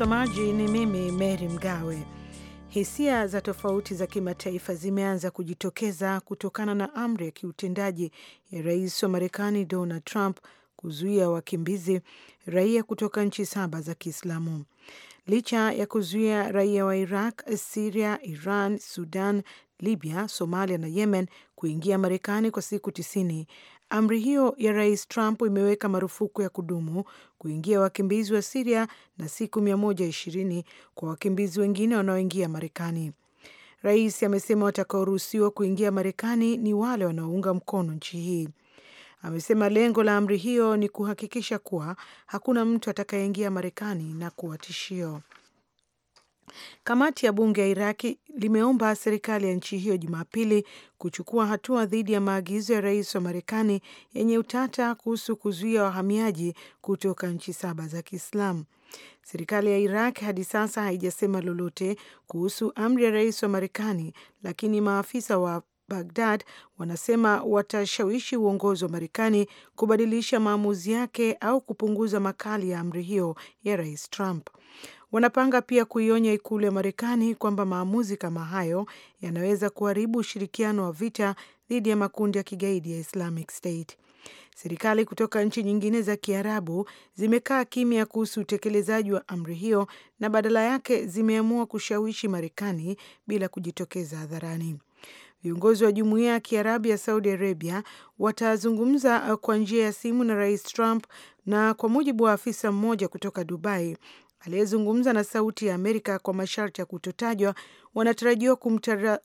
Msomaji ni mimi Mary Mgawe. Hisia za tofauti za kimataifa zimeanza kujitokeza kutokana na amri ya kiutendaji ya rais wa Marekani Donald Trump kuzuia wakimbizi raia kutoka nchi saba za Kiislamu. Licha ya kuzuia raia wa Iraq, Siria, Iran, Sudan, Libya, Somalia na Yemen kuingia Marekani kwa siku tisini, Amri hiyo ya Rais Trump imeweka marufuku ya kudumu kuingia wakimbizi wa Siria na siku 120 kwa wakimbizi wengine wanaoingia Marekani. Rais amesema watakaoruhusiwa kuingia Marekani ni wale wanaounga mkono nchi hii. Amesema lengo la amri hiyo ni kuhakikisha kuwa hakuna mtu atakayeingia Marekani na kuwa tishio. Kamati ya bunge ya Iraki limeomba serikali ya nchi hiyo Jumapili kuchukua hatua dhidi ya maagizo ya rais wa Marekani yenye utata kuhusu kuzuia wahamiaji kutoka nchi saba za Kiislamu. Serikali ya Iraq hadi sasa haijasema lolote kuhusu amri ya rais wa Marekani, lakini maafisa wa bagdad wanasema watashawishi uongozi wa Marekani kubadilisha maamuzi yake au kupunguza makali ya amri hiyo ya rais Trump. Wanapanga pia kuionya ikulu ya Marekani kwamba maamuzi kama hayo yanaweza kuharibu ushirikiano wa vita dhidi ya makundi ya kigaidi ya Islamic State. Serikali kutoka nchi nyingine za Kiarabu zimekaa kimya kuhusu utekelezaji wa amri hiyo na badala yake zimeamua kushawishi Marekani bila kujitokeza hadharani. Viongozi wa Jumuiya ya Kiarabu ya Saudi Arabia watazungumza uh, kwa njia ya simu na Rais Trump, na kwa mujibu wa afisa mmoja kutoka Dubai, aliyezungumza na Sauti ya Amerika kwa masharti ya kutotajwa, wanatarajiwa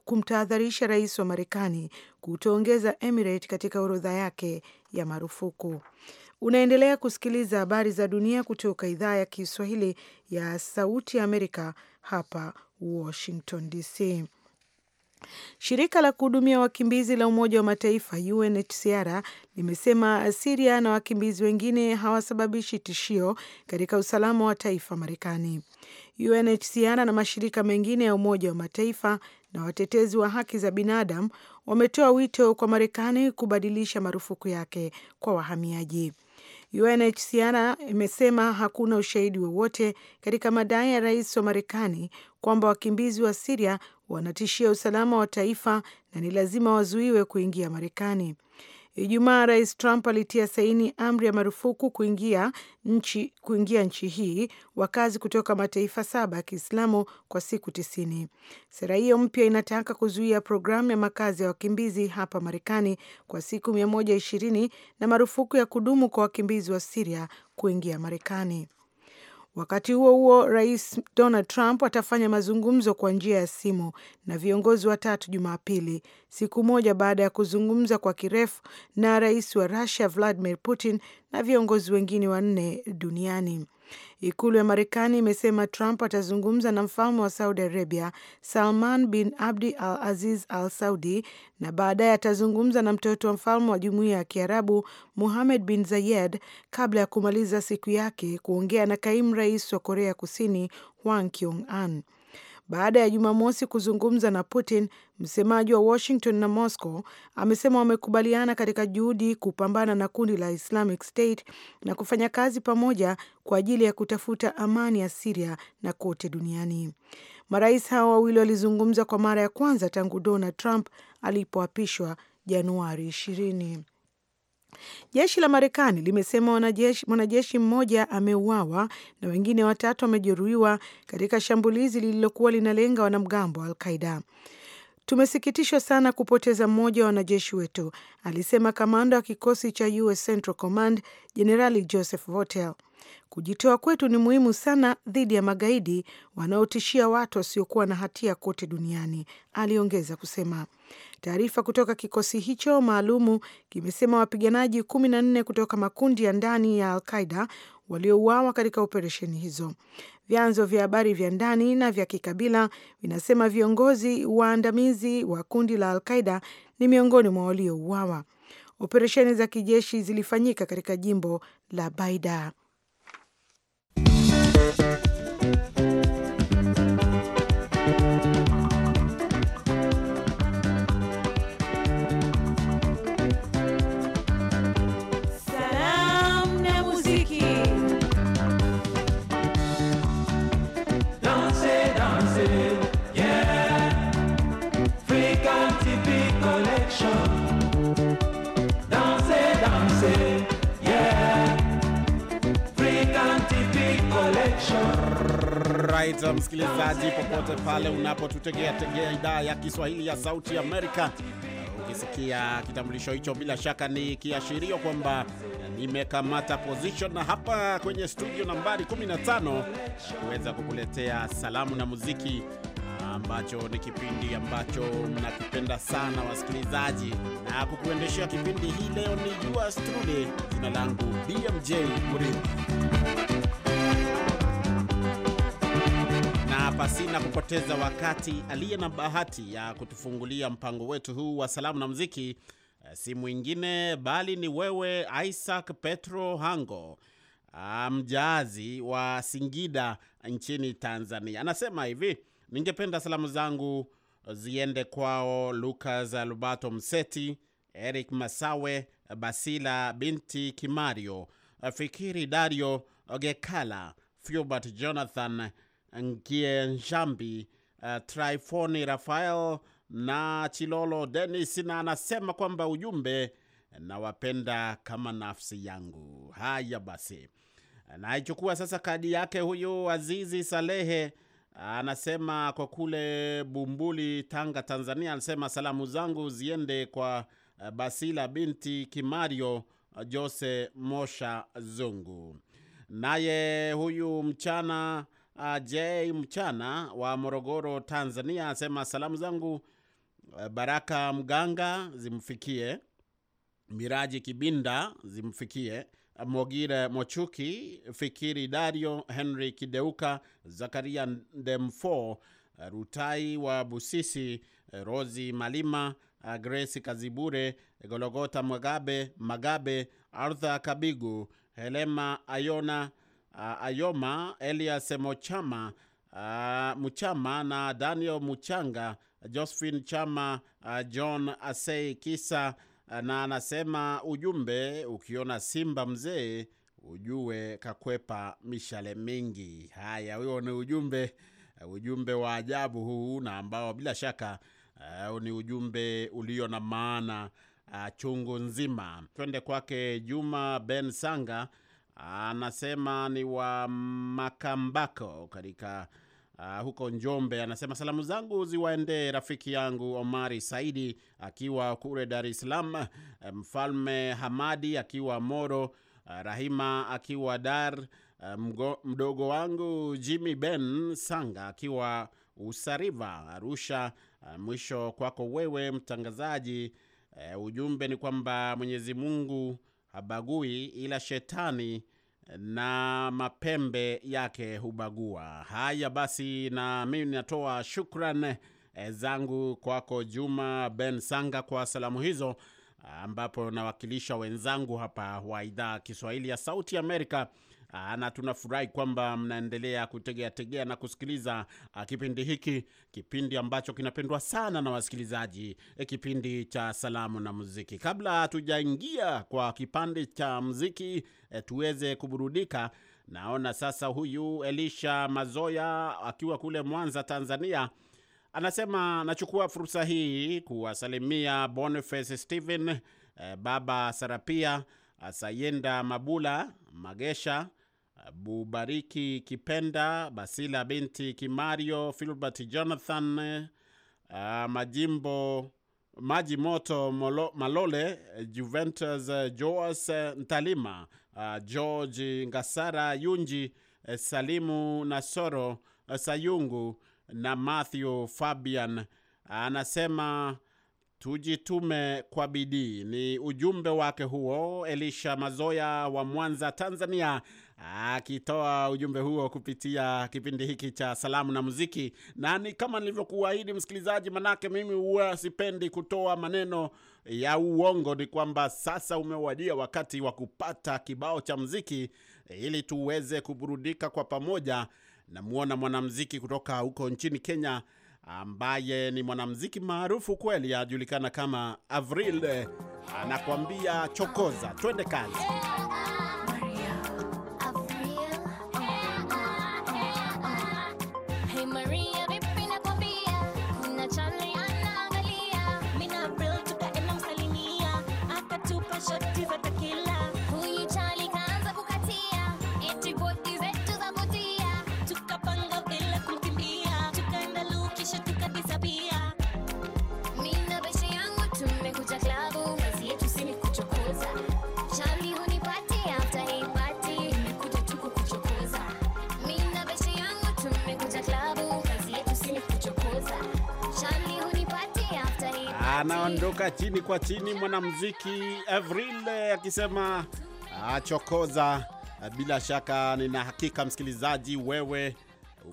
kumtahadharisha rais wa Marekani kutoongeza Emirate katika orodha yake ya marufuku. Unaendelea kusikiliza habari za dunia kutoka idhaa ya Kiswahili ya Sauti ya Amerika hapa Washington DC. Shirika la kuhudumia wakimbizi la Umoja wa Mataifa UNHCR limesema Siria na wakimbizi wengine hawasababishi tishio katika usalama wa taifa Marekani. UNHCR na mashirika mengine ya Umoja wa Mataifa na watetezi wa haki za binadamu wametoa wito kwa Marekani kubadilisha marufuku yake kwa wahamiaji. UNHCR imesema hakuna ushahidi wowote katika madai ya rais wa Marekani kwamba wakimbizi wa Siria wanatishia usalama wa taifa na ni lazima wazuiwe kuingia Marekani. Ijumaa, Rais Trump alitia saini amri ya marufuku kuingia nchi, kuingia nchi hii wakazi kutoka mataifa saba ya Kiislamu kwa siku tisini. Sera hiyo mpya inataka kuzuia programu ya makazi ya wakimbizi hapa Marekani kwa siku ishirini na marufuku ya kudumu kwa wakimbizi wa Siria kuingia Marekani. Wakati huo huo, Rais Donald Trump atafanya mazungumzo kwa njia ya simu na viongozi watatu Jumapili, siku moja baada ya kuzungumza kwa kirefu na rais wa Russia Vladimir Putin na viongozi wengine wanne duniani. Ikulu ya Marekani imesema Trump atazungumza na mfalme wa Saudi Arabia Salman bin Abdi Al Aziz Al Saudi na baadaye atazungumza na mtoto wa mfalme wa Jumuiya ya Kiarabu muhamed bin Zayed kabla ya kumaliza siku yake kuongea na kaimu rais wa Korea Kusini Hwang Kyung An baada ya Jumamosi kuzungumza na Putin. Msemaji wa Washington na Moscow amesema wamekubaliana katika juhudi kupambana na kundi la Islamic State na kufanya kazi pamoja kwa ajili ya kutafuta amani ya Siria na kote duniani. Marais hao wawili walizungumza kwa mara ya kwanza tangu Donald Trump alipoapishwa Januari ishirini. Jeshi la Marekani limesema mwanajeshi, mmoja ameuawa na wengine watatu wamejeruhiwa katika shambulizi lililokuwa linalenga wanamgambo wa Alqaida. Tumesikitishwa sana kupoteza mmoja wa wanajeshi wetu, alisema kamanda wa kikosi cha US Central Command Jenerali Joseph Votel. Kujitoa kwetu ni muhimu sana dhidi ya magaidi wanaotishia watu wasiokuwa na hatia kote duniani, aliongeza kusema. Taarifa kutoka kikosi hicho maalumu kimesema wapiganaji kumi na nne kutoka makundi ya ndani ya Alqaida waliouawa katika operesheni hizo. Vyanzo vya habari vya ndani na vya kikabila vinasema viongozi waandamizi wa kundi la Alqaida ni miongoni mwa waliouawa. Operesheni za kijeshi zilifanyika katika jimbo la Baida. you kabisa, msikilizaji, popote pale unapotutegea tegea idhaa ya Kiswahili ya Sauti Amerika. Ukisikia kitambulisho hicho, bila shaka ni kiashirio kwamba nimekamata position na hapa kwenye studio nambari 15 kuweza kukuletea salamu na muziki, ah, ambacho ni kipindi ambacho mnakipenda sana wasikilizaji, na kukuendeshea kipindi hii leo ni jua truly, jina langu BMJ Muridi. Pasina kupoteza wakati, aliye na bahati ya kutufungulia mpango wetu huu wa salamu na muziki eh, si mwingine bali ni wewe Isaac Petro Hango, ah, mjaazi wa Singida nchini Tanzania. Anasema hivi, ningependa salamu zangu ziende kwao lukas Alubato Mseti, Eric Masawe, Basila binti Kimario, Fikiri Dario Ogekala, fubert Jonathan Ngie Njambi, uh, eh, Tryfoni Rafael na Chilolo Dennis, na anasema kwamba ujumbe eh, nawapenda kama nafsi yangu. Haya basi, eh, naichukua sasa kadi yake huyu Azizi Salehe anasema kwa kule Bumbuli, Tanga, Tanzania. Anasema salamu zangu ziende kwa Basila binti Kimario, Jose Mosha Zungu. Naye huyu mchana uh, J Mchana wa Morogoro, Tanzania asema salamu zangu eh, Baraka Mganga zimfikie, Miraji Kibinda zimfikie, Mogire Mochuki, Fikiri Dario, Henry Kideuka, Zakaria demfo Rutai wa Busisi, Rosi Malima, Grace Kazibure, Gologota Magabe, Magabe, Arthur Kabigu, Helema Ayona uh, Ayoma, Elias Mochama uh, Muchama na Daniel Muchanga, Josephine Chama uh, John Asei Kisa uh, na anasema ujumbe, ukiona simba mzee ujue kakwepa mishale mingi. Haya, huo ni ujumbe ujumbe wa ajabu huu na ambao bila shaka uh, ni ujumbe ulio na maana uh, chungu nzima. Twende kwake Juma Ben Sanga anasema ni wa Makambako katika Uh, huko Njombe anasema salamu zangu ziwaendee rafiki yangu Omari Saidi akiwa kule Dar es Salaam, Mfalme Hamadi akiwa Moro, uh, Rahima akiwa Dar, uh, mgo, mdogo wangu Jimmy Ben Sanga akiwa Usariva Arusha. Uh, mwisho kwako wewe mtangazaji. Uh, ujumbe ni kwamba Mwenyezi Mungu habagui ila shetani na mapembe yake hubagua. Haya basi, na mimi natoa shukran e, zangu kwako Juma Ben Sanga kwa salamu hizo, ambapo nawakilisha wenzangu hapa wa idhaa Kiswahili ya Sauti Amerika Ah, na tunafurahi kwamba mnaendelea kutegea tegea na kusikiliza ah, kipindi hiki, kipindi ambacho kinapendwa sana na wasikilizaji, eh, kipindi cha salamu na muziki. Kabla hatujaingia kwa kipande cha muziki eh, tuweze kuburudika, naona sasa huyu Elisha Mazoya akiwa kule Mwanza, Tanzania anasema nachukua fursa hii kuwasalimia Boniface stehen eh, baba Sarapia Sayenda Mabula Magesha, Bubariki Kipenda, Basila binti Kimario, Filbert Jonathan, eh, Majimbo Maji Moto Molo, Malole, Juventus eh, Joas eh, Ntalima, George Ngasara Yunji, Salimu Nasoro Sayungu na Matthew Fabian. Anasema Tujitume kwa bidii, ni ujumbe wake huo, Elisha Mazoya wa Mwanza, Tanzania, akitoa ujumbe huo kupitia kipindi hiki cha salamu na muziki. Na ni kama nilivyokuahidi msikilizaji, manake mimi huwa sipendi kutoa maneno ya uongo, ni kwamba sasa umewadia wakati wa kupata kibao cha mziki ili tuweze kuburudika kwa pamoja. Namwona mwanamziki kutoka huko nchini Kenya ambaye ni mwanamuziki maarufu kweli, ajulikana kama Avril, anakuambia chokoza, twende kazi. anaondoka chini kwa chini mwanamuziki Avril eh, akisema achokoza eh, Bila shaka nina hakika msikilizaji, wewe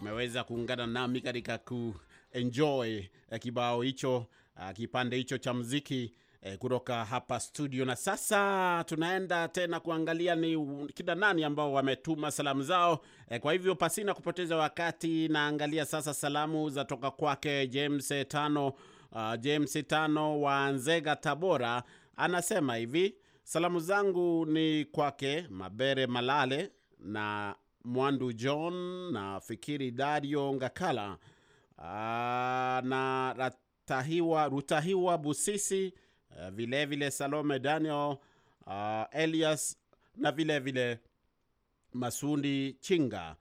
umeweza kuungana nami katika kuenjoy eh, kibao hicho, kipande hicho cha muziki kutoka hapa studio. Na sasa tunaenda tena kuangalia ni kina nani ambao wametuma salamu zao. Kwa hivyo pasina kupoteza wakati, naangalia sasa salamu za toka kwake James Tano uh, James Tano wa Nzega, Tabora, anasema hivi: salamu zangu ni kwake Mabere Malale na Mwandu John na Fikiri Dario Ngakala uh, na Ratahiwa, Rutahiwa Busisi uh, eh, vilevile vile Salome Daniel uh, Elias na vilevile vile Masundi Chinga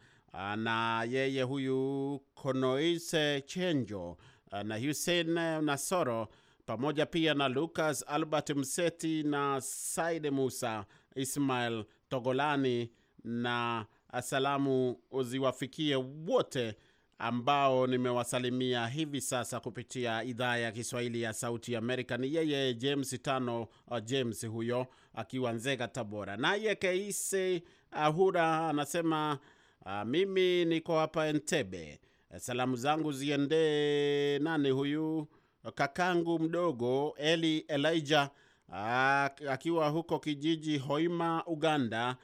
na yeye huyu Konoise Chenjo Eh, na Hussein eh, Nasoro pamoja pia na Lucas Albert Mseti na Said Musa Ismail Togolani, na eh, salamu ziwafikie wote ambao nimewasalimia hivi sasa kupitia idhaa ya Kiswahili ya Sauti Amerika. Ni yeye James Tano James huyo akiwa Nzega, Tabora. Naye Keisi Ahura anasema mimi niko hapa Entebbe Salamu zangu ziendee nani huyu kakangu mdogo Eli Elijah akiwa huko kijiji Hoima, Uganda,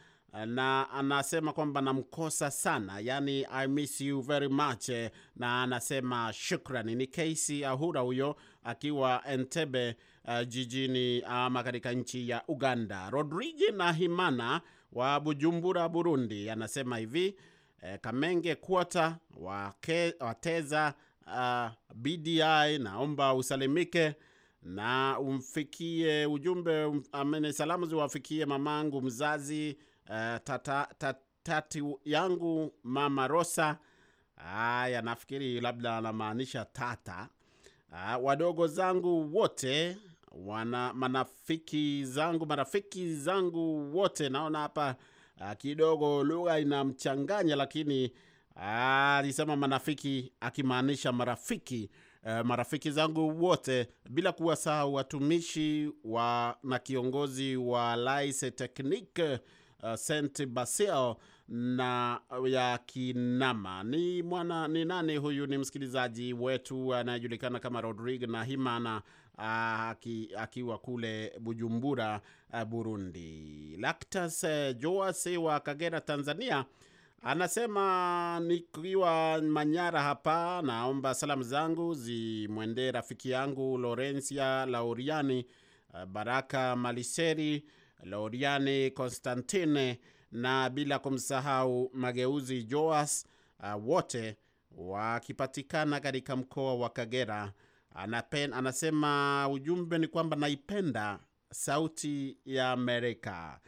na anasema kwamba namkosa sana, yani I miss you very much, eh, na anasema shukrani. Ni Keisi Ahura huyo akiwa Entebbe, uh, jijini ama katika nchi ya Uganda. Rodrigi na Himana wa Bujumbura, Burundi, anasema hivi eh, Kamenge Quarter wateza uh, ah, BDI naomba usalimike na umfikie ujumbe um, amene salamu ziwafikie mamangu mzazi uh, tata, tata, tati yangu mama Rosa. aya nafikiri labda anamaanisha tata. Aa, ah, wadogo zangu wote wana manafiki zangu marafiki zangu wote, naona hapa Ah, kidogo lugha inamchanganya, lakini ah, alisema manafiki akimaanisha marafiki. Uh, marafiki zangu wote bila kuwasahau watumishi wa na kiongozi wa Lycée Technique uh, Saint Basile na ya kinama. Ni mwana ni nani huyu? Ni msikilizaji wetu anayejulikana kama Rodrigue Nahimana ah, akiwa kule Bujumbura, ah, Burundi. Lactas eh, Joas wa Kagera, Tanzania anasema nikiwa Manyara hapa, naomba salamu zangu zimwendee rafiki yangu Lorencia Lauriani, ah, Baraka Maliseri, Lauriani Constantine na bila kumsahau Mageuzi Joas, uh, wote wakipatikana katika mkoa wa Kagera. Anapen, anasema ujumbe ni kwamba naipenda sauti ya Amerika.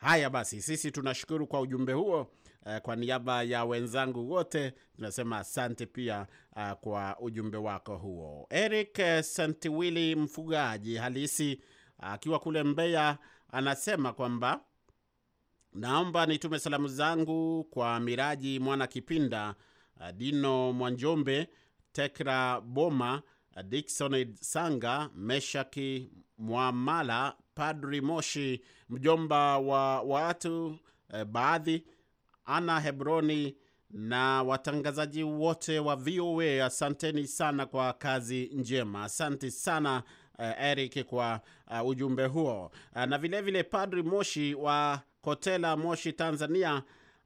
Haya basi, sisi tunashukuru kwa ujumbe huo. Eh, kwa niaba ya wenzangu wote tunasema asante pia ah, kwa ujumbe wako huo. Eric eh, Santiwili, mfugaji halisi akiwa kule Mbeya, anasema kwamba Naomba nitume salamu zangu kwa Miraji Mwana Kipinda, uh, Dino Mwanjombe, Tekra Boma, uh, dikson Sanga, Meshaki Mwamala, Padri Moshi, mjomba wa watu uh, baadhi, Ana Hebroni na watangazaji wote wa VOA, asanteni sana kwa kazi njema. Asante sana Eric kwa ujumbe huo, na vilevile vile Padri Moshi wa Kotela, Moshi, Tanzania,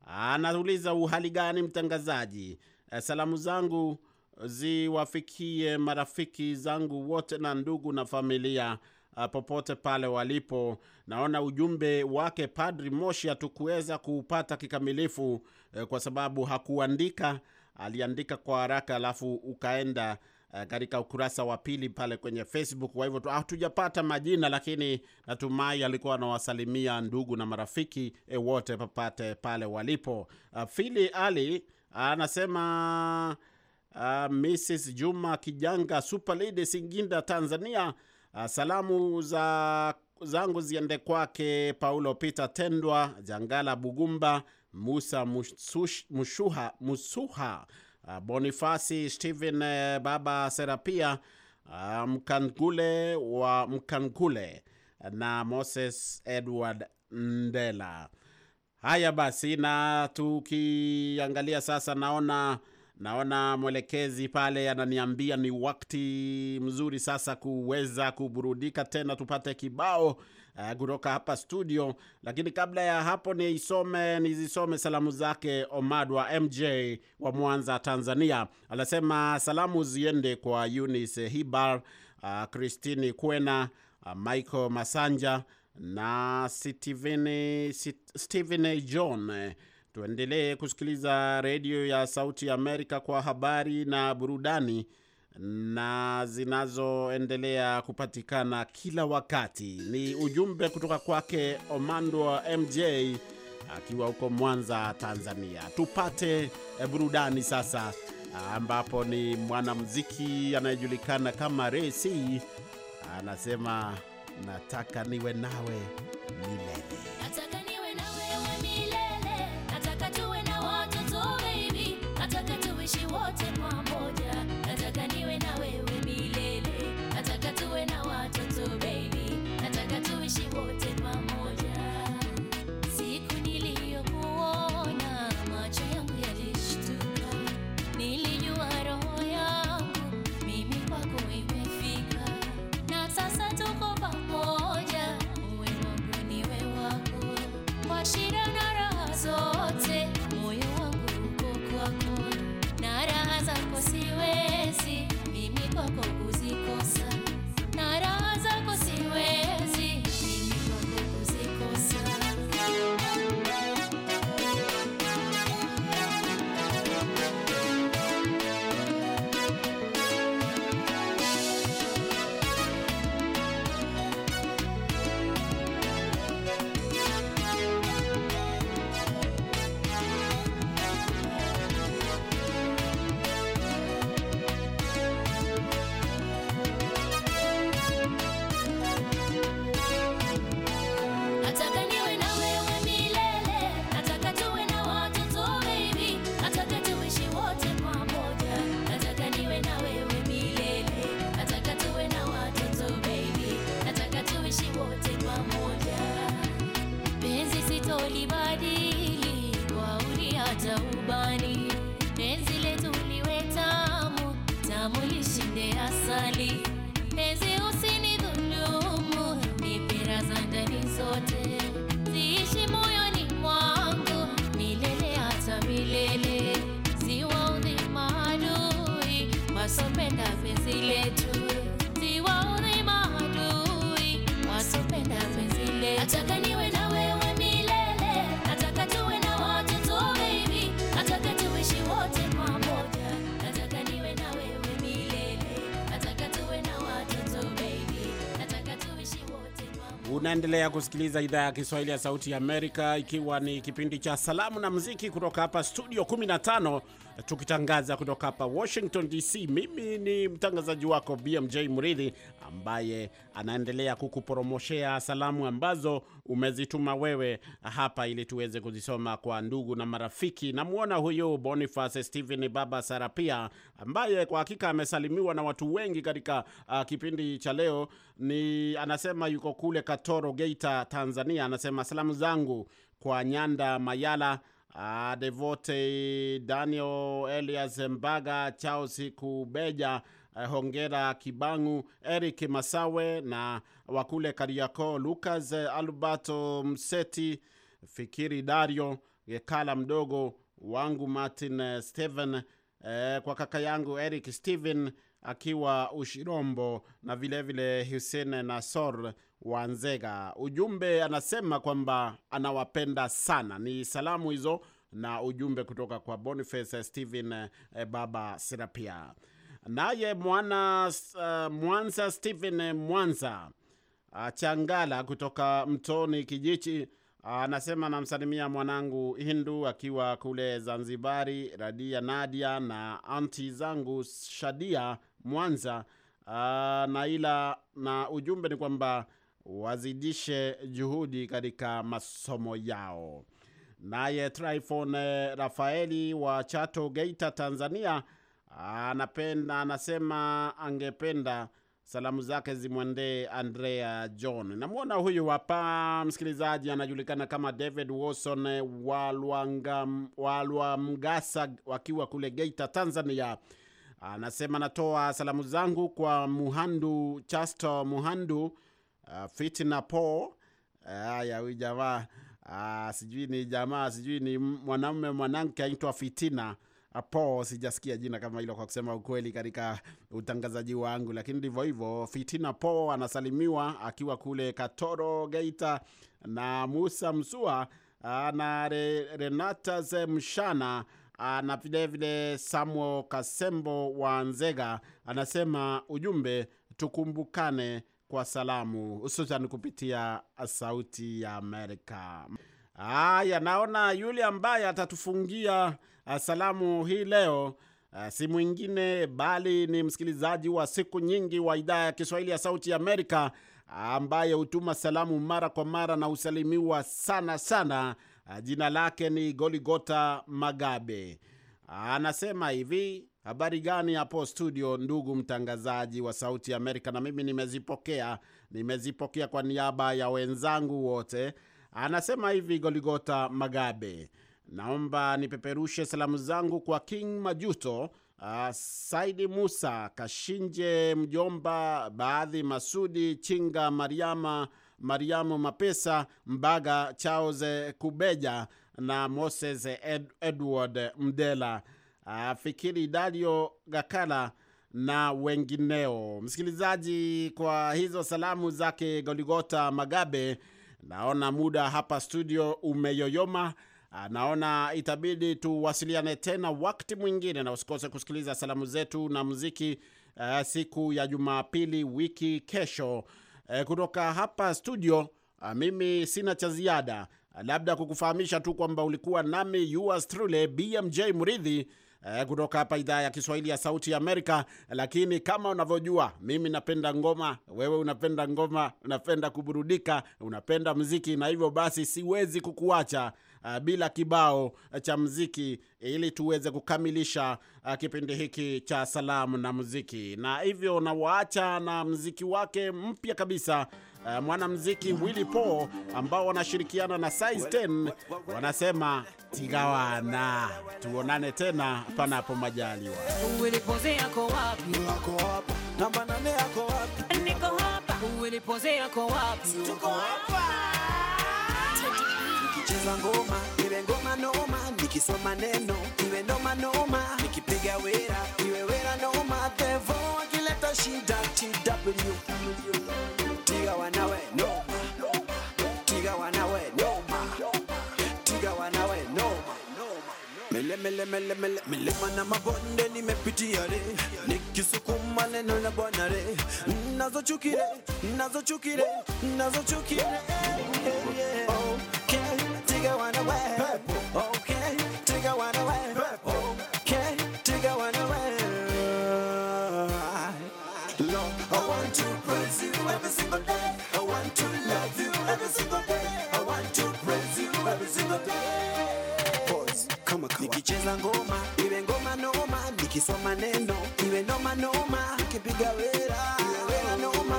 anauliza uhali gani mtangazaji? Eh, salamu zangu ziwafikie marafiki zangu wote na ndugu na familia eh, popote pale walipo. Naona ujumbe wake Padri Moshi hatukuweza kuupata kikamilifu eh, kwa sababu hakuandika, aliandika kwa haraka alafu ukaenda Eh, katika ukurasa wa pili pale kwenye Facebook. Kwa hivyo hatujapata majina, lakini natumai alikuwa anawasalimia ndugu na marafiki e, wote papate pale walipo. Uh, Fili Ali anasema uh, eh, Mrs Juma Kijanga Super Lady Singinda Tanzania, uh, salamu za zangu ziende kwake Paulo Peter Tendwa, Jangala Bugumba, Musa Musuha, Musuha Ah, Bonifasi Stephen eh, Baba Serapia ah, Mkangule wa Mkangule eh, na Moses Edward Ndela. Haya basi, na tukiangalia sasa, naona naona mwelekezi pale ananiambia ni wakati mzuri sasa kuweza kuburudika tena, tupate kibao Eh, kutoka hapa studio, lakini kabla ya hapo nisome nizisome salamu zake Omad wa MJ wa Mwanza, Tanzania. Anasema salamu ziende kwa Eunice Hibar, eh, Christine Kwena, eh, Michael Masanja na stehen John. Tuendelee kusikiliza redio ya Sauti ya Amerika kwa habari na burudani na zinazoendelea kupatikana kila wakati. Ni ujumbe kutoka kwake Omandwa MJ akiwa huko Mwanza, Tanzania. Tupate eh, burudani sasa, ambapo ni mwanamuziki anayejulikana kama rec anasema nataka niwe nawe milele. Unaendelea kusikiliza idhaa ya Kiswahili ya Sauti ya Amerika, ikiwa ni kipindi cha salamu na muziki kutoka hapa studio 15 tukitangaza kutoka hapa Washington DC. Mimi ni mtangazaji wako BMJ Mridhi, ambaye anaendelea kukupromoshea salamu ambazo umezituma wewe hapa, ili tuweze kuzisoma kwa ndugu na marafiki. Namwona huyu Boniface Stephen Baba Sarapia, ambaye kwa hakika amesalimiwa na watu wengi katika uh, kipindi cha leo. Ni anasema yuko kule Katoro, Geita, Tanzania. Anasema salamu zangu kwa Nyanda Mayala uh, Devote Daniel Elias Mbaga, siku Kubeja, uh, hongera Kibangu, Eric Masawe na wakule kariaco Lucas eh, Alberto Mseti, Fikiri Dario Gekala, mdogo wangu Martin eh, Steven, uh, kwa kaka yangu Eric Steven akiwa Ushirombo na vilevile Hussein Nasor wa Nzega. Ujumbe anasema kwamba anawapenda sana. Ni salamu hizo na ujumbe kutoka kwa Boniface Stephen eh, baba Serapia. Naye mwana uh, Mwanza Stephen Mwanza uh, Changala kutoka Mtoni Kijichi eh, anasema uh, namsalimia mwanangu Hindu akiwa kule Zanzibari, Radia Nadia na anti zangu Shadia Mwanza. Uh, na ila na ujumbe ni kwamba wazidishe juhudi katika masomo yao. Naye Tryphon eh, Rafaeli wa Chato, Geita, Tanzania ah, anapenda anasema angependa salamu zake zimwendee Andrea John. Namwona huyu hapa msikilizaji, anajulikana kama David Wilson eh, Walwamgasa wakiwa kule Geita, Tanzania. Anasema natoa salamu zangu kwa Muhandu Chasto Muhandu, uh, Fitina Po. Haya, uh, huyu jamaa uh, sijui ni jamaa sijui ni mwanamume mwanamke aitwa Fitina Po. Sijasikia jina kama hilo kwa kusema ukweli katika utangazaji wangu, lakini ndivyo hivyo. Fitina Po anasalimiwa akiwa kule Katoro, Geita, na Musa Msua uh, na Renatas Mshana Ah, na vilevile Samuel Kasembo wa Nzega anasema ujumbe, tukumbukane kwa salamu, hususan kupitia Sauti ya Amerika. Haya, naona yule ambaye atatufungia ah, salamu hii leo ah, si mwingine bali ni msikilizaji wa siku nyingi wa idhaa ya Kiswahili ya Sauti ya Amerika ambaye hutuma salamu mara kwa mara na husalimiwa sana sana Ah, jina lake ni Goligota Magabe. Ah, anasema hivi: habari gani hapo studio, ndugu mtangazaji wa Sauti Amerika? Na mimi nimezipokea, nimezipokea kwa niaba ya wenzangu wote. Anasema hivi Goligota Magabe, naomba nipeperushe salamu zangu kwa King Majuto, uh, Saidi Musa Kashinje, mjomba baadhi, Masudi Chinga, Mariama Mariamu Mapesa, Mbaga Charles Kubeja na Moses Ed Edward Mdela, ah, Fikiri Dario Gakala na wengineo. Msikilizaji, kwa hizo salamu zake Goligota Magabe, naona muda hapa studio umeyoyoma. Ah, naona itabidi tuwasiliane tena wakati mwingine, na usikose kusikiliza salamu zetu na muziki uh, siku ya Jumapili wiki kesho. Eh, kutoka hapa studio eh, mimi sina cha ziada, labda kukufahamisha tu kwamba ulikuwa nami yours truly BMJ Muridhi eh, kutoka hapa idhaa ya Kiswahili ya Sauti ya Amerika. Lakini kama unavyojua, mimi napenda ngoma, wewe unapenda ngoma, unapenda kuburudika, unapenda mziki, na hivyo basi siwezi kukuacha Uh, bila kibao eh, cha mziki ili tuweze kukamilisha uh, kipindi hiki cha salamu na muziki, na hivyo nawaacha na mziki wake mpya kabisa uh, mwanamuziki Willy Paul ambao wanashirikiana na Size 10 wanasema tigawana, tuonane tena panapo majaliwa. Nikicheza ngoma iwe ngoma noma, nikisoma neno iwe noma noma, nikipiga wera mele mele mele mele mele mana mabonde nimepitia re nikisukuma neno la bwana re nazochukire Oh, can't take it away kucheza ngoma, iwe ngoma noma, nikisoma neno iwe noma noma, kipiga wera wera noma,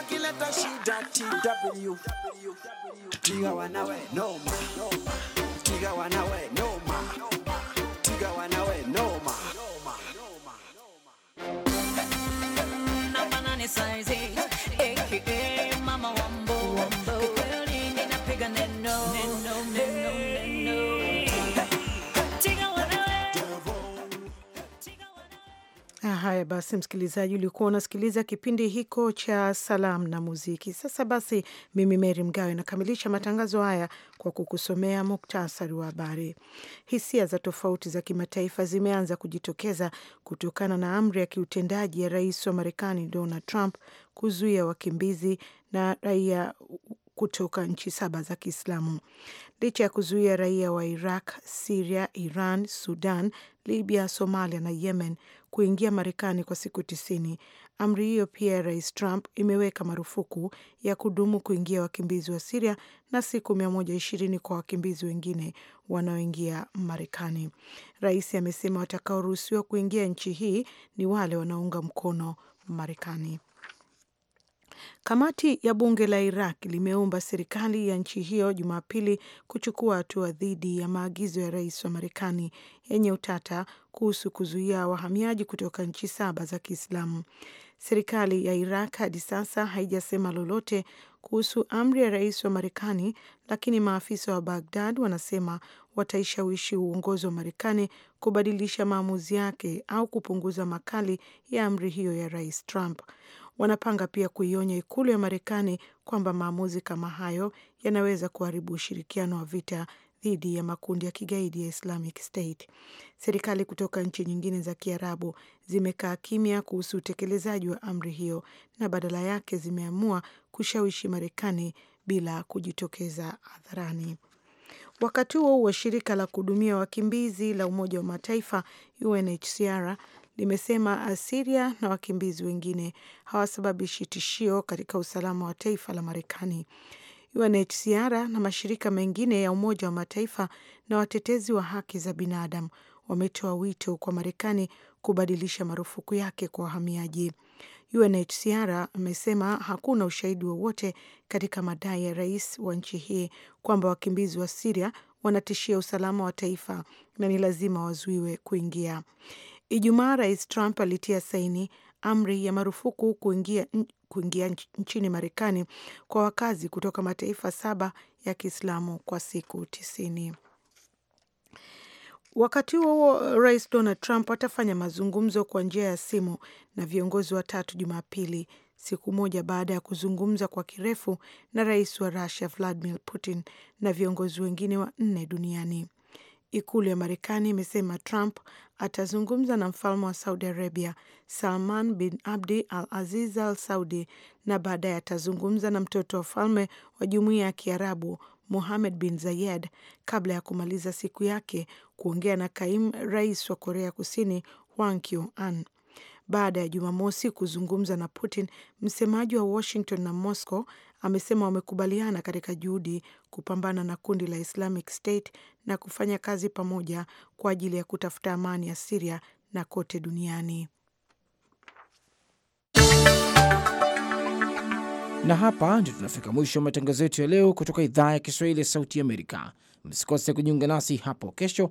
akileta shida TW tiga wanawe noma, tiga wanawe basi msikilizaji, ulikuwa unasikiliza kipindi hiko cha salamu na muziki. Sasa basi, mimi Meri Mgawe nakamilisha matangazo haya kwa kukusomea muktasari wa habari. Hisia za tofauti za kimataifa zimeanza kujitokeza kutokana na amri ya kiutendaji ya rais wa Marekani Donald Trump kuzuia wakimbizi na raia kutoka nchi saba za Kiislamu. Licha ya kuzuia raia wa Iraq, Siria, Iran, Sudan, Libya, Somalia na Yemen kuingia Marekani kwa siku tisini. Amri hiyo pia ya Rais Trump imeweka marufuku ya kudumu kuingia wakimbizi wa Siria na siku mia moja ishirini kwa wakimbizi wengine wanaoingia Marekani. Rais amesema watakaoruhusiwa kuingia nchi hii ni wale wanaounga mkono Marekani. Kamati ya bunge la Iraq limeomba serikali ya nchi hiyo Jumapili kuchukua hatua dhidi ya maagizo ya rais wa Marekani yenye utata kuhusu kuzuia wahamiaji kutoka nchi saba za Kiislamu. Serikali ya Iraq hadi sasa haijasema lolote kuhusu amri ya rais wa Marekani, lakini maafisa wa bagdad wanasema wataishawishi uongozi wa Marekani kubadilisha maamuzi yake au kupunguza makali ya amri hiyo ya rais Trump wanapanga pia kuionya ikulu ya Marekani kwamba maamuzi kama hayo yanaweza kuharibu ushirikiano wa vita dhidi ya makundi ya kigaidi ya Islamic State. Serikali kutoka nchi nyingine za Kiarabu zimekaa kimya kuhusu utekelezaji wa amri hiyo na badala yake zimeamua kushawishi Marekani bila kujitokeza hadharani. Wakati huo huo, shirika la kuhudumia wakimbizi la Umoja wa Mataifa UNHCR limesema Asiria na wakimbizi wengine hawasababishi tishio katika usalama wa taifa la Marekani. UNHCR na mashirika mengine ya Umoja wa Mataifa na watetezi wa haki za binadamu wametoa wito kwa Marekani kubadilisha marufuku yake kwa wahamiaji. UNHCR amesema hakuna ushahidi wowote katika madai ya rais wa nchi hii kwamba wakimbizi wa Siria wanatishia usalama wa taifa na ni lazima wazuiwe kuingia. Ijumaa Rais Trump alitia saini amri ya marufuku kuingia, kuingia nchini Marekani kwa wakazi kutoka mataifa saba ya Kiislamu kwa siku tisini. Wakati huo huo, Rais Donald Trump atafanya mazungumzo kwa njia ya simu na viongozi watatu Jumapili, siku moja baada ya kuzungumza kwa kirefu na rais wa Russia Vladimir Putin na viongozi wengine wa nne duniani. Ikulu ya Marekani imesema Trump atazungumza na mfalme wa Saudi Arabia Salman bin Abdi Al Aziz Al Saudi na baadaye atazungumza na mtoto wa mfalme wa Jumuiya ya Kiarabu muhamed bin Zayed kabla ya kumaliza siku yake kuongea na kaimu rais wa Korea Kusini Hwang kyo an Baada ya Jumamosi kuzungumza na Putin, msemaji wa Washington na Moscow amesema wamekubaliana katika juhudi kupambana na kundi la Islamic State na kufanya kazi pamoja kwa ajili ya kutafuta amani ya Siria na kote duniani. Na hapa ndio tunafika mwisho wa matangazo yetu ya leo kutoka idhaa ya Kiswahili ya Sauti Amerika. Msikose kujiunga nasi hapo kesho